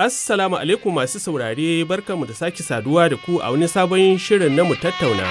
Assalamu alaikum masu saurare mu da sake saduwa da ku a wani sabon shirin na mu tattauna.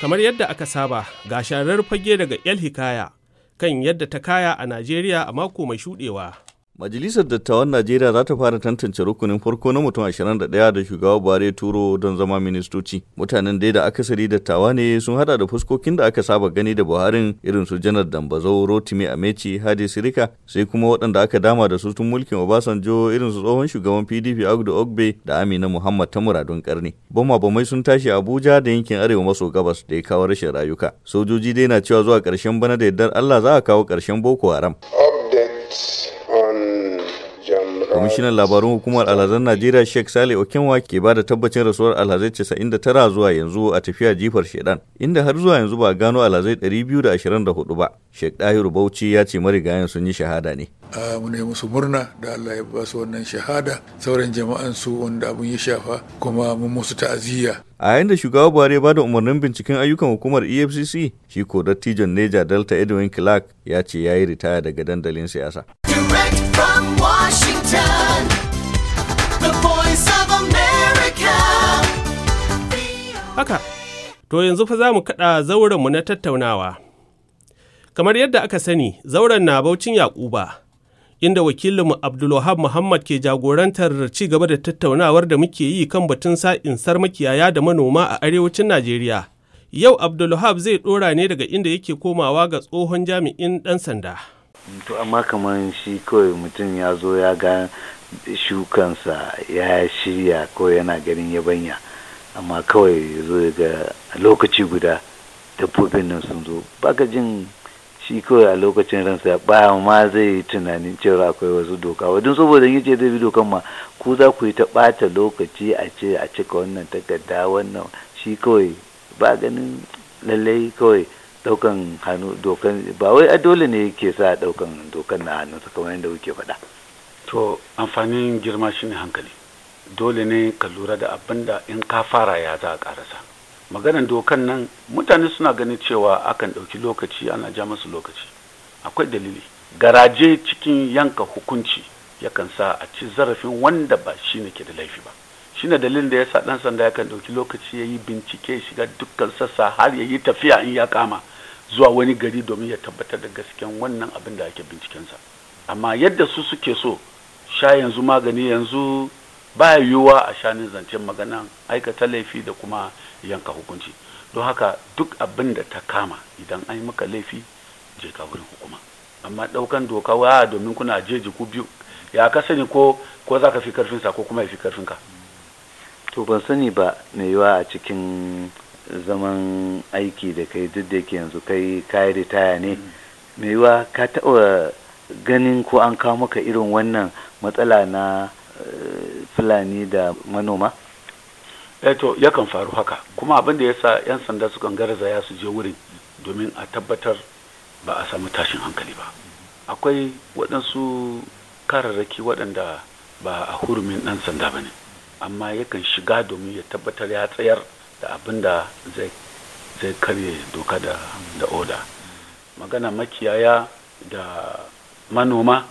Kamar yadda aka saba, ga sharar fage daga El Hikaya kan yadda ta kaya a Najeriya a mako mai shuɗewa. Majalisar Dattawan Najeriya za ta fara tantance rukunin farko na mutum 21 da shugaba Buhari turo don zama ministoci. Mutanen dai da akasari dattawa ne sun hada da fuskokin da aka saba gani da Buharin irin su Janar Dambazo, Rotimi Amechi, Hadi Sirika, sai kuma waɗanda aka dama da su tun mulkin Obasanjo irin su tsohon shugaban PDP Agdu Ogbe da Amina Muhammad ta muradun karni. Bama bamai sun tashi Abuja da yankin Arewa maso gabas da ya kawo rashin rayuka. Sojoji dai na cewa zuwa ƙarshen bana da yardar Allah za a kawo ƙarshen Boko Haram. Kwamishinan labarun hukumar alhazan Najeriya Sheikh Sale Okenwa ke ba da tabbacin rasuwar alhazai da tara zuwa yanzu a tafiya jifar shedan, inda har zuwa yanzu ba gano alhazai ɗari biyu da da hudu ba. Sheikh Dahiru Bauchi ya ce marigayen sun yi shahada ne. mu ne musu murna da Allah ya ba su wannan shahada sauran jama'an su wanda abun ya shafa kuma mun musu ta'aziyya a yayin da shugaba buhari ya bada umarnin binciken ayyukan hukumar efcc shi ko dattijon neja delta edwin clark ya ce ya yi ritaya daga dandalin siyasa from Haka, to yanzu fa za mu kaɗa zaurenmu na tattaunawa. Kamar yadda aka sani, zauren na Baucin Yakuba, inda wakilinmu Abdulwahab Muhammad ke jagorantar ci gaba da tattaunawar da muke yi kan batun sa'insar makiyaya da manoma a arewacin Najeriya. Yau Abdulwahab zai ɗora ne daga inda yake komawa ga tsohon jami'in ɗan sanda. to amma kamar shi kawai mutum ya zo ya ga shukansa ya shirya ko yana ganin yabanya amma kawai zo ga lokaci guda dabbobin nan sun zo baka jin shi kawai a lokacin ransa ba ma zai yi tunanin cewa akwai wasu doka wadin saboda ce zai bi dokan ma ku za ku yi ta ɓata lokaci a ce a cika wannan takarda wannan shi kawai ba ganin lallai kawai daukan hannu dokan ba wai dole ne ke sa daukan dokan na hannu sa kamar yadda kuke faɗa to amfanin girma shine hankali dole ne ka lura da abin da in ka fara ya za a karasa maganan dokan nan mutane suna ganin cewa akan ɗauki lokaci ana ja musu lokaci akwai dalili garaje cikin yanka hukunci yakan sa a ci zarafin wanda ba shi ne ke da laifi ba shine dalilin da ya sa dan sanda yakan dauki lokaci ya yi bincike shiga dukkan sassa har ya yi tafiya in ya kama zuwa wani gari domin ya tabbatar da gasken wannan abin da ake bincikensa amma yadda su suke so sha yanzu magani yanzu ba yiwuwa a shanin zancen maganan aikata laifi da kuma yanka hukunci don haka duk abin da ta kama idan an yi maka laifi je ka wurin hukuma amma ɗaukan doka wa domin kuna jeji ku biyu ya ka sani ko ko za ka fi karfinsa ko kuma ya fi karfinka to ban sani ba mai yiwa a cikin zaman aiki da kai duk da yake yanzu kai kayi ritaya ne mai yiwa ka taɓa ganin ko an kawo maka irin wannan matsala na eh, fulani da manoma eh, to yakan faru haka kuma abin da yasa 'yan sanda sukan ya su je wurin domin a tabbatar ba a samu tashin hankali ba akwai waɗansu kararraki waɗanda ba a hurumin ɗan sanda ba ne amma yakan shiga domin ya tabbatar ya tsayar da abin da zai karya karye doka da oda magana makiyaya da manoma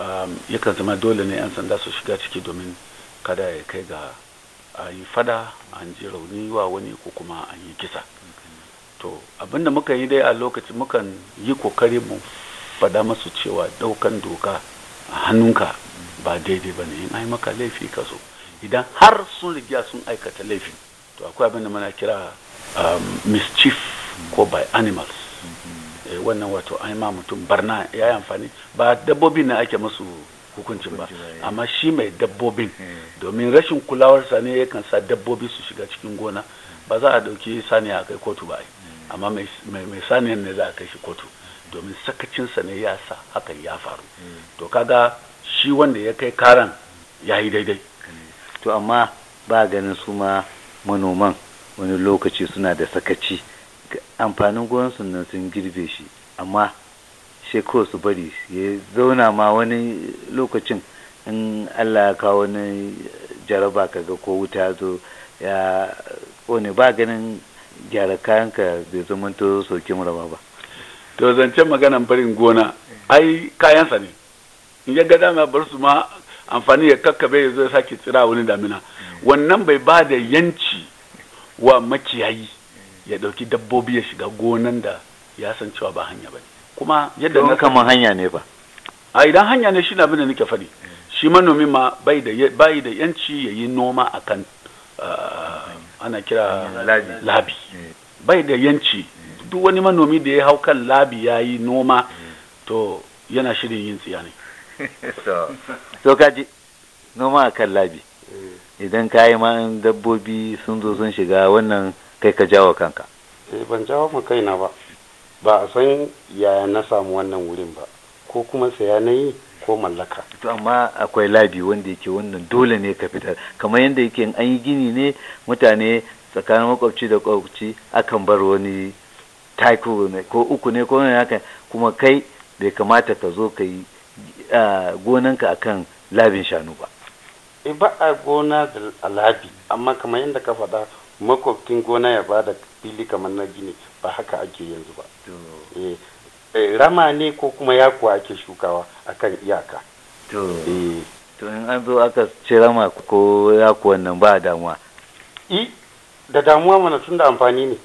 um, yakan zama dole ne 'yan sanda su shiga ciki domin kada ya kai ga a yi fada an ji rauni wa wani ko kuma an yi kisa to abinda muka yi dai a lokaci mukan yi kokari mu fada masu cewa daukan doka a hannunka ba daidai ba ne in ai maka laifi ka so idan har sun riga sun aikata laifi to akwai abin da mana kira um, mischief ko by animals mm-hmm. eh, wannan wato an ma mutum barna ya yi amfani ba dabbobin na ake masu hukuncin ba eh. amma shi mai dabbobin eh. domin rashin kulawarsa ne yakan sa dabbobi su shiga cikin gona mm. ba za a dauki saniya a kai kotu ba mm. amma mai saniyan ne za a kai shi kotu mm. domin sakacinsa ne ya sa hakan ya faru to kaga shi wanda ya kai karan ya yi daidai to amma ba ganin su ma manoman wani lokaci suna da sakaci amfanin gonsu nan sun girbe shi amma sheko su bari ya zauna ma wani lokacin in allah ya kawo wani jaraba kaga ko wuta zo ya kone ba ganin gyara kayanka bai zama to sokin raba ba to zance maganan barin gona ai kayansa ne in ya ga dama bar su ma amfani ya kakkabe ya zo ya sake tsira wani damina wannan bai ba da yanci wa makiyayi ya dauki dabbobi ya shiga gonan da ya san cewa ba hanya ba kuma yadda na kama hanya ne ba a idan hanya ne na abin da nake faɗi shi manomi ma bai da bai da yanci yayi noma akan ah, ana kira labi eh. bai da yanci duk wani manomi da ya hau kan labi ya yi noma eh. to yana shirin yin tsiya ne so kaji noma a kan labi eh. idan ka yi ma dabbobi sun zo sun shiga wannan kai ka jawo kanka eh, ban jawo ma kaina ba ba a san yaya na samu wannan wurin ba ko kuma saya na yi ko mallaka to amma akwai labi wanda yake wannan dole ne ka fitar kamar yadda yake an yi gini ne mutane tsakanin makwabci da makwabci akan bar wani taiko ne ko uku ne ko wani haka kuma kai bai kamata ka zo ka yi a gonanka akan labin shanu ba eh, ba a gona da labi amma kamar yadda ka faɗa makwabtin gona ya ba da fili kamar na gini ba haka ake yanzu ba eh, eh, rama ne ko kuma yakuwa ake shukawa akan iyaka to in an zo aka ce rama ko yakuwan nan ba damuwa i da damuwa mana tun da amfani ne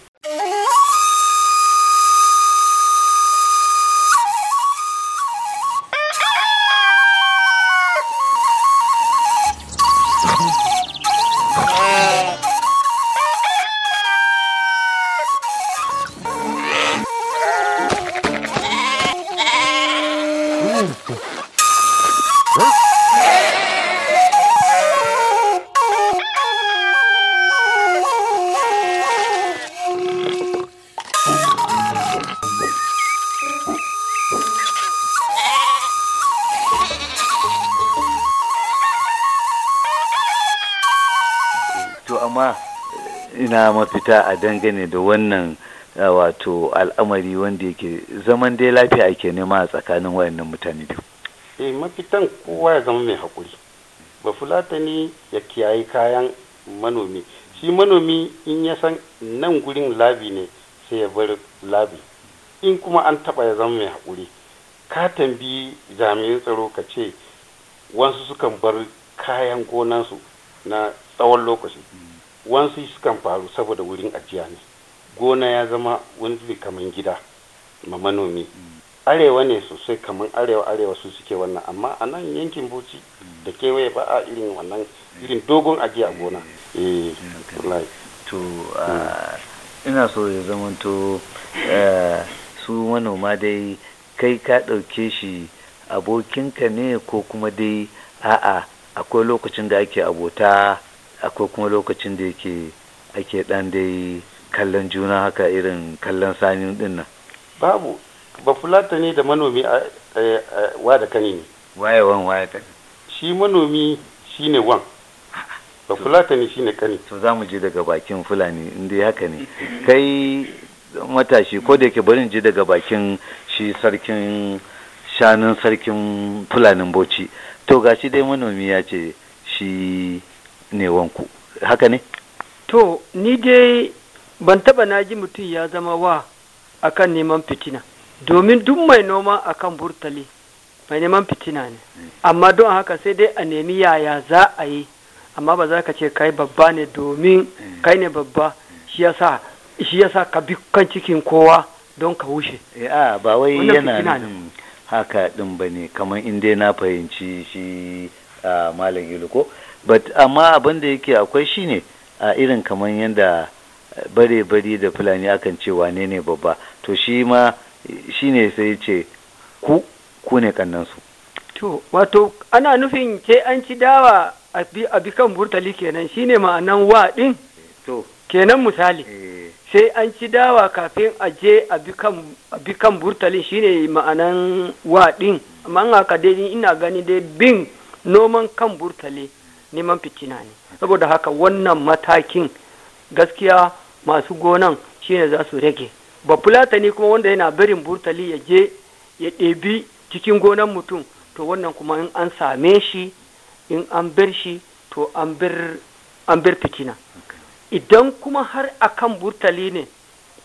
ma ina mafita a dangane da wannan wato al'amari wanda yake zaman dai lafiya ake nema a tsakanin wayannan mutane biyu eh mafitan kowa ya zama mai hakuri ba fulatani ya kiyaye kayan manomi shi manomi in ya san nan gurin labi ne sai ya bar labi in kuma an taɓa ya zama mai hakuri ka tambayi jami'in tsaro ka ce wasu sukan bar kayan gonansu na tsawon lokaci wansu sukan faru saboda wurin ajiya ne gona ya zama wani kamar gida ma manomi arewa ne sosai kamar arewa arewa su suke wannan amma a nan yankin bauchi da kewaye ba a irin wannan irin dogon ajiya a gona eh, to ina so ya zama to su manoma dai kai ka ɗauke shi abokinka ne ko kuma dai a'a akwai lokacin da ake abota akwai kuma lokacin da yake ake dan dai kallon juna haka irin kallon sani din nan babu ba fulata ne da manomi wa da kane ne waye wan waye ta shi manomi shine wan ba fulata ne shine kane to za mu je daga bakin fulani inda haka ne kai matashi ko da yake barin je daga bakin shi sarkin shanun sarkin fulanin boci to gashi dai manomi ya ce shi ne haka ne to ni dai ban taba na ji mutum ya zama wa akan neman fitina domin duk mai noma akan burtali mai neman fitina ne hmm. amma don haka sai dai a nemi yaya za a yi amma ba za ka ce kai babba ne domin hmm. kai ne babba shi ya sa ka bi kan cikin kowa don ka wuce eh, a ba wai haka ɗin ba ne kamar in dai na fahimci shi malam ko but amma abin da yake akwai shine a irin kamar yadda eh, bare bare da fulani akan ce wane ne babba to shi ma shine sai ce ku ku ne kannansu to wato ana nufin ke an ci dawa a bi kan burtali kenan shine ma'anan wa to kenan misali eh. sai an ci dawa kafin a je a bi kan shi shine ma'anan wa amma amma haka dai ina gani dai bin noman kan burtali neman fitina ne saboda haka wannan matakin gaskiya masu gonan shine za su rage ba ne kuma wanda yana barin burtali ya je ya ɗebi cikin gonan mutum to wannan kuma in an same shi in an bar shi to an bar fitina idan kuma har akan burtali ne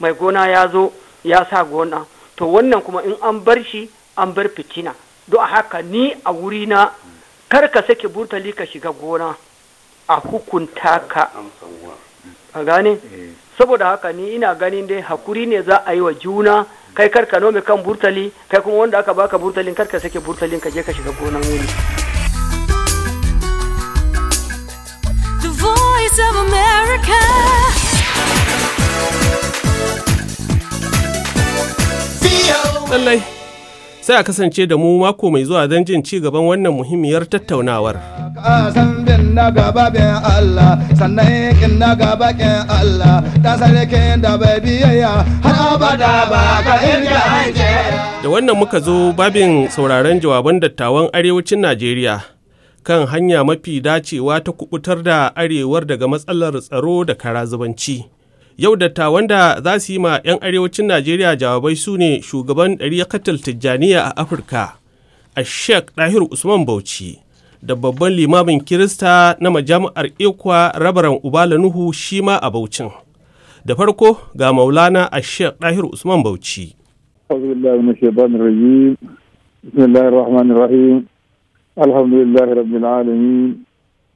mai gona ya zo ya sa gona to wannan kuma in an bar shi an bar fitina don haka ni a wuri na. kar ka sake burtali ka shiga gona a hukunta ka a gane eh. saboda haka ni ina ganin dai hakuri ne za a yi wa juna kai kar ka nome kan burtali kai kuma wanda aka baka burtalin kar ka sake burtalin ka je ka shiga gonan wuri Lallai sai a kasance da mu mako mai zuwa don jin ci gaban wannan muhimmiyar tattaunawar. Da wannan muka zo babin sauraron jawaban dattawan arewacin Najeriya kan hanya mafi dacewa ta kubutar da arewar daga matsalar tsaro da karazubanci. Yau dattawan da za su yi ma 'yan arewacin Najeriya jawabai su ne shugaban katal Tijjaniya a Afirka, a Sheikh Ɗahir Usman Bauchi, da babban limamin Kirista na majami'ar Ikwa Rabaran Ubala Nuhu shi ma a Baucin. Da farko ga Maulana a Sheikh Ɗahir Usman Bauchi. بسم الله alamin,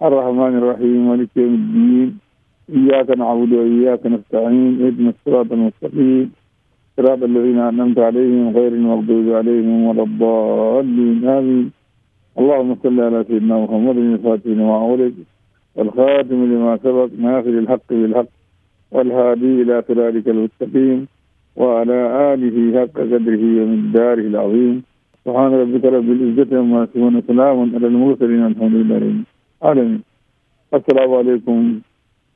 Ar-Rahman Ar-Rahim, wani الرحمن إياك نعبد وإياك نستعين اهدنا الصراط المستقيم صراط الذين أنعمت عليهم غير المغضوب عليهم ولا الضالين آمين اللهم صل على سيدنا محمد الفاتح لما أولد والخاتم لما سبق ناخذ الحق بالحق والهادي إلى صراطك المستقيم وعلى آله حق قدره ومن داره العظيم سبحان ربك رب العزة عما يصفون سلام على المرسلين الحمد لله العالمين السلام عليكم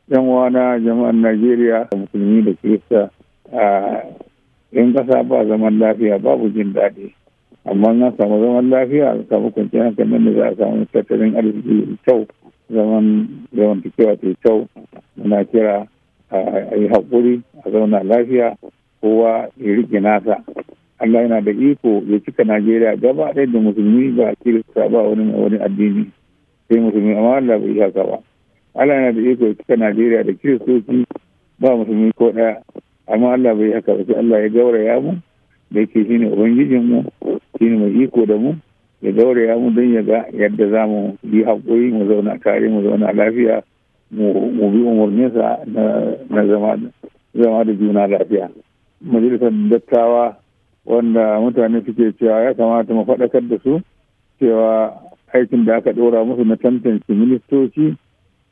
yan wana jama'ar najeriya da musulmi da kirista a yan kasa ba zaman lafiya babu jin daɗi amma na samu zaman lafiya a samu kwanciyar nan da za a samu tattalin arziki kyau zaman zaman takewa ta kyau muna kira a yi haƙuri a zauna lafiya kowa ya riƙe nasa Allah yana da iko ya cika Najeriya gaba ɗaya da musulmi ba kirista ba wani addini sai musulmi amma Allah bai haka ba. Allah yana da iko ta Najeriya da Kiristoci ba musulmi ko ɗaya amma Allah bai haka sai Allah ya gauraya mu da yake ne ubangijin shi ne mai iko da mu ya gauraya mu don ya ga yadda za mu yi haƙuri mu zauna tare mu zauna lafiya mu bi umarninsa na zama da juna lafiya majalisar dattawa wanda mutane suke cewa ya kamata mu faɗakar da su cewa aikin da aka ɗora musu na tantance ministoci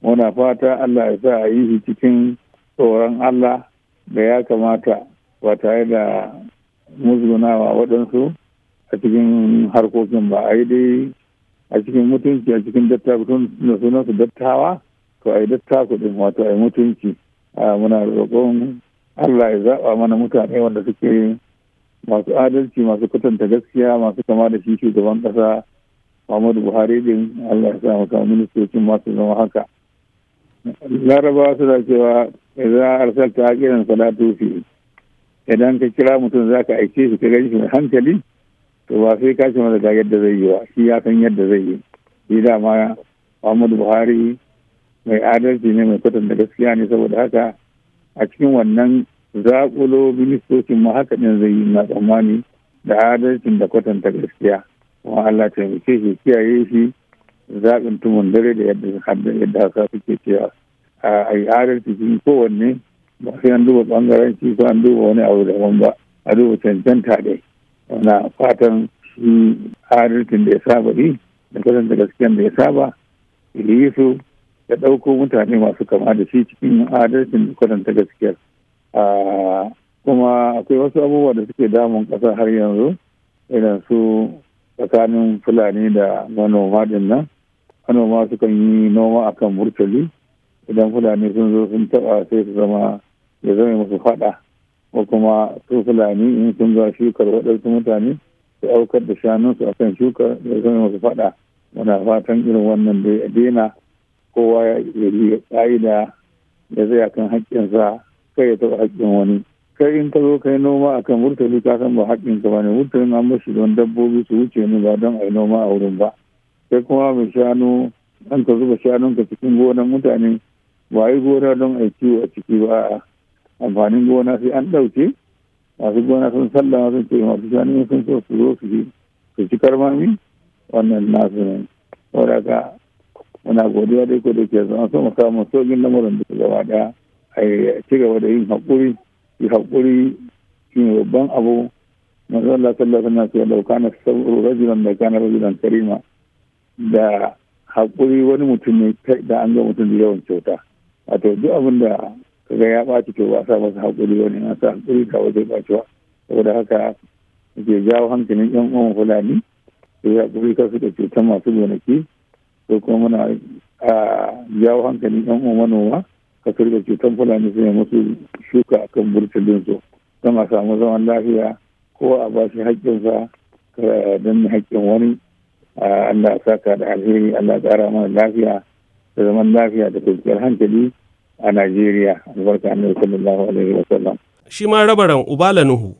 muna fata Allah ya sa a yi shi cikin tsoron Allah da ya kamata ba tare da musgunawa waɗansu a cikin harkokin ba a yi dai a cikin mutunci a cikin dattawa da sunansu dattawa to a yi dattaku din wato a yi mutunci muna roƙon Allah ya zaɓa mana mutane wanda suke masu adalci masu kwatanta gaskiya masu kama da shi shugaban ƙasa Muhammadu Buhari din Allah ya sa maka ministocin masu zama haka larabawa suna cewa za a idan arsalta haƙinan fada tufi idan ka kira mutum za ka aike shi ka gani shi hankali to ba sai ka ce masa ga yadda zai yi ba shi ya san yadda zai yi shi dama Muhammadu Buhari mai adalci ne mai kwatanta gaskiya ne saboda haka a cikin wannan zaƙulo ministocin ma haka ɗin zai yi na tsammani da adalcin da kwatanta gaskiya kuma Allah taimake shi kiyaye shi zaɓin tumun dare da yadda yadda haka suke cewa a yi adalci kowanne ba sai an duba shi ko an duba wani abu daban ba a duba cancanta dai wana fatan shi adalcin da ya saba yi da da gaskiyan da ya saba yi su da ɗauko mutane masu kama da shi cikin adalcin da karanta gaskiyar kuma akwai wasu abubuwa da suke damun ƙasa har yanzu irin su tsakanin fulani da manoma din nan manoma sukan yi noma akan murtali idan fulani sun zo sun taba sai su zama ya zama musu fada ko kuma su fulani in sun za shukar waɗansu mutane su aukar da shanunsu akan shukar ya zama musu fada muna fatan irin wannan da ya daina kowa ya yi da ya zai akan haƙƙinsa kai ya taɓa haƙƙin wani kai in ka zo kai noma akan murtali ka san ba haƙƙin ka bane murtalin an mashi don dabbobi su wuce ni ba don a yi noma a wurin ba sai kuma mai shanu an ka zuba shanun ka cikin gonan mutane ba yi gona don a kiwo a ciki ba amfanin gona sai an ɗauke masu gona sun sallama sun ce masu shanu sun so su zo su su ci karmami wannan nasu ne saboda muna godiya dai ko da ke zama so mu samu lamarin da gaba da a ci gaba da yin haƙuri yi haƙuri shi ne babban abu manzo Allah sallallahu alaihi wasallam ya dauka na sabru rajulan da kana rajulan karima da haƙuri wani mutum ne da an ga mutum da yawan kyauta wato duk abin da kaga ya ɓaci to ba sa masa haƙuri wani na sa haƙuri ka wajen ɓacewa saboda haka ke jawo hankalin yan uwan fulani da ya haƙuri kasu da cutar masu gonaki ko kuma muna jawo hankalin yan uwan manoma kasar da cutar fulani yi musu shuka akan burtulin su don a samu zaman lafiya ko a ba shi haƙƙinsa don haƙƙin wani Allah saka da alheri Allah ƙara mana lafiya da zaman lafiya da kwanciyar hankali a Najeriya albarka annabi sallallahu alaihi wa sallam shi ma rabaran Ubala Nuhu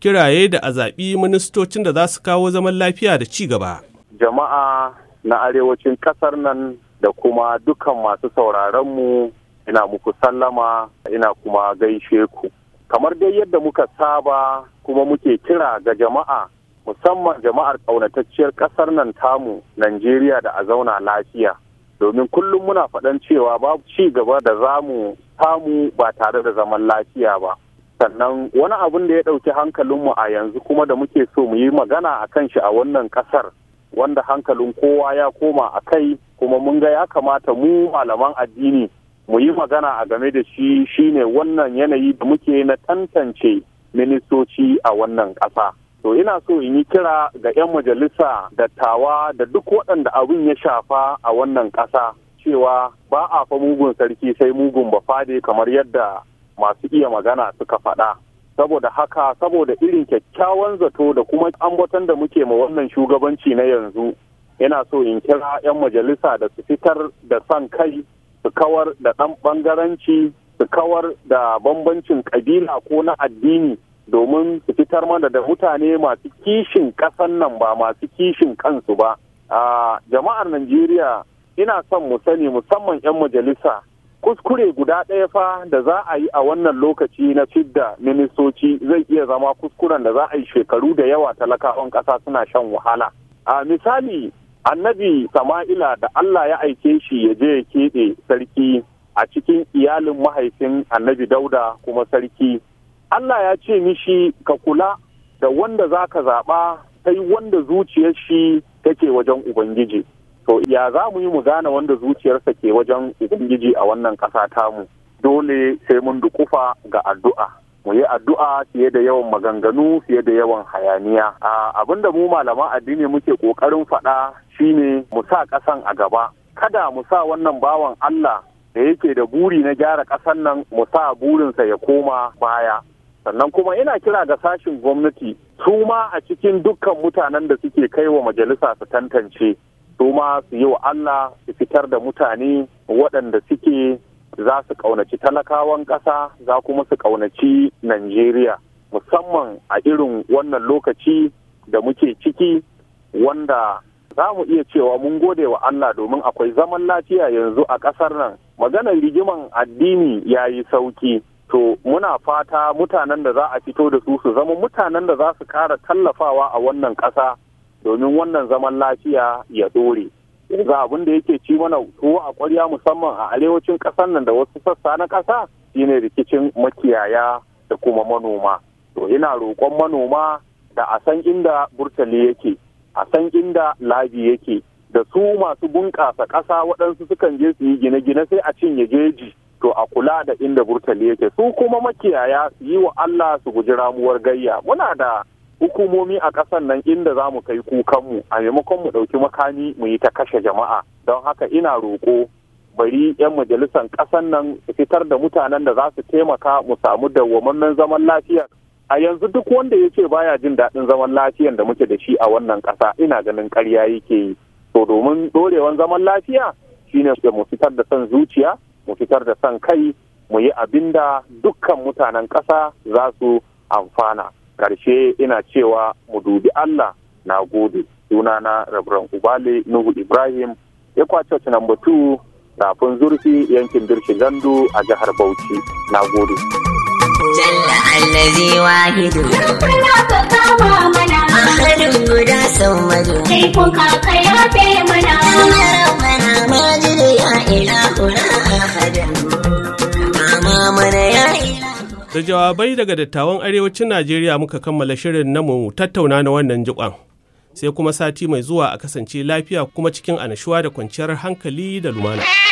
kiraye da a zaɓi ministocin da za su kawo zaman lafiya da ci gaba jama'a na arewacin ƙasar nan da kuma dukkan masu sauraron mu ina muku sallama ina kuma gaishe ku kamar dai yadda muka saba kuma muke kira ga jama'a musamman jama'ar ƙaunatacciyar ƙasar nan tamu Najeriya da a zauna lafiya domin kullum muna faɗan cewa babu ci gaba da za mu samu ba tare da zaman lafiya ba sannan wani abin da ya ɗauki hankalinmu a yanzu kuma da muke so mu yi magana a kan shi a wannan ƙasar wanda hankalin kowa ya koma a kai kuma mun ga ya kamata mu malaman addini mu yi magana a game da shi shine wannan yanayi da muke na tantance ministoci a wannan ƙasa. To ina so in yi kira ga 'yan majalisa dattawa da duk waɗanda abin ya shafa a wannan ƙasa cewa ba a fa mugun sarki sai mugun bafade kamar yadda masu iya magana suka faɗa. Saboda haka saboda irin kyakkyawan zato da kuma ambaton da muke ma wannan shugabanci na yanzu ina so in kira 'yan majalisa da su fitar da son kai su kawar da ɗan ɓangaranci su kawar da bambancin ƙabila ko na addini domin su fitar mana da mutane masu kishin ƙasan nan ba masu kishin kansu ba a jama'ar najeriya ina son mu sani musamman 'yan majalisa kuskure guda ɗaya fa da za a yi a wannan lokaci na fidda ministoci zai iya zama kuskuren da za a yi shekaru da yawa talakawan ƙasa suna shan wahala a misali annabi sama'ila da allah ya aike shi ya je ya keɓe sarki a cikin iyalin mahaifin annabi dauda kuma sarki allah ya ce mishi ka kula da wanda za ka zaɓa sai wanda zuciyar shi take wajen ubangiji to ya za mu yi mu gane wanda zuciyarsa ke wajen ubangiji a wannan ƙasa tamu dole sai mun dukufa ga addu'a mu yi addu'a fiye da yawan maganganu fiye da yawan hayaniya abin da mu malaman addini muke ƙoƙarin faɗa shine mu sa ƙasan a gaba kada mu sa wannan bawan Allah da yake da buri na gyara ƙasan nan mu sa burinsa ya koma baya sannan kuma ina kira ga sashin gwamnati su ma a cikin dukkan mutanen da suke kai wa majalisa su tantance su ma su yi wa Allah su fitar da mutane waɗanda suke za su ƙaunaci talakawan ƙasa za kuma su ƙaunaci Najeriya musamman a irin wannan lokaci da muke ciki wanda za mu iya cewa mun gode wa Allah domin akwai zaman lafiya yanzu a ƙasar nan maganar rigiman addini ya yi sauƙi to muna fata mutanen da za a fito da su su zama mutanen da za su kara tallafawa a wannan ƙasa domin wannan zaman lafiya ya ɗore. yanzu abin da yake ci mana tuwo a kwarya musamman a arewacin ƙasar nan da wasu sassa na ƙasa shine rikicin makiyaya da kuma manoma to ina roƙon manoma da a san inda burtali yake a san inda labi yake da su masu bunƙasa ƙasa waɗansu sukan je su yi gine-gine sai a cinye jeji to a kula da inda burtali yake su kuma makiyaya su yi wa Allah su guji ramuwar gayya muna da hukumomi a ƙasar nan inda za mu kai kukanmu a maimakon mu ɗauki makami mu yi ta kashe jama'a don haka ina roƙo bari 'yan majalisar ƙasar nan fitar da mutanen da za su taimaka mu samu dawwamannan zaman lafiya a yanzu duk wanda ya ce baya jin daɗin zaman lafiyan da muke da shi a wannan ƙasa ina ganin ƙarya yake yi to domin ɗorewan zaman lafiya shine mu fitar da son zuciya mu fitar da son kai mu yi abin da dukkan mutanen ƙasa za su amfana karshe ina cewa mu dubi Allah na gode sunana rabran ubale nuhu ibrahim ya kwace number two rafin zurfi yankin birki gandu a jihar bauchi na gode Mama mana ya Da jawabai daga dattawan arewacin Najeriya muka kammala shirin na mu tattauna na wannan jiƙon. Sai kuma sati mai zuwa a kasance lafiya kuma cikin anashuwa da kwanciyar hankali da lumana.